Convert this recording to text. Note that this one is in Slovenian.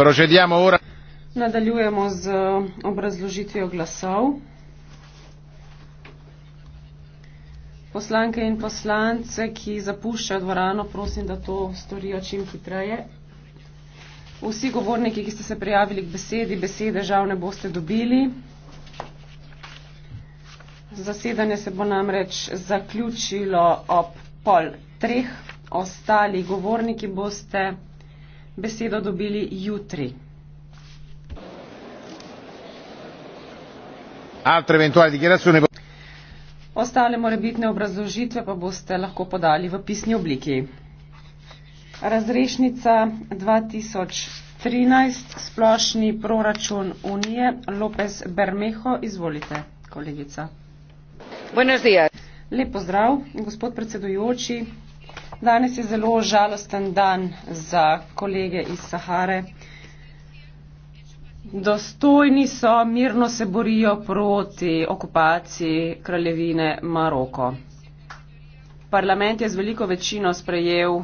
Procediamo ora. Nadaljujemo z eh, obrazložitvijo glasov. Poslanke in poslance, ki zapuščajo dvorano, prosim, da to storijo čim hitreje. Vsi govorniki, ki ste se prijavili k besedi, besede žal ne boste dobili. Zasedanje se bo namreč zaključilo ob pol treh. Ostali govorniki boste besedo dobili jutri. Altre eventuali dichiarazioni. Ostale morebitne obrazložitve pa boste lahko podali v pisni obliki. Razrešnica 2013, splošni proračun Unije, Lopez Bermejo, izvolite, kolegica. Lep pozdrav, gospod predsedujoči, Danes je zelo žalosten dan za kolege iz Sahare. Dostojni so, mirno se borijo proti okupaciji kraljevine Maroko. Parlament je z veliko večino sprejel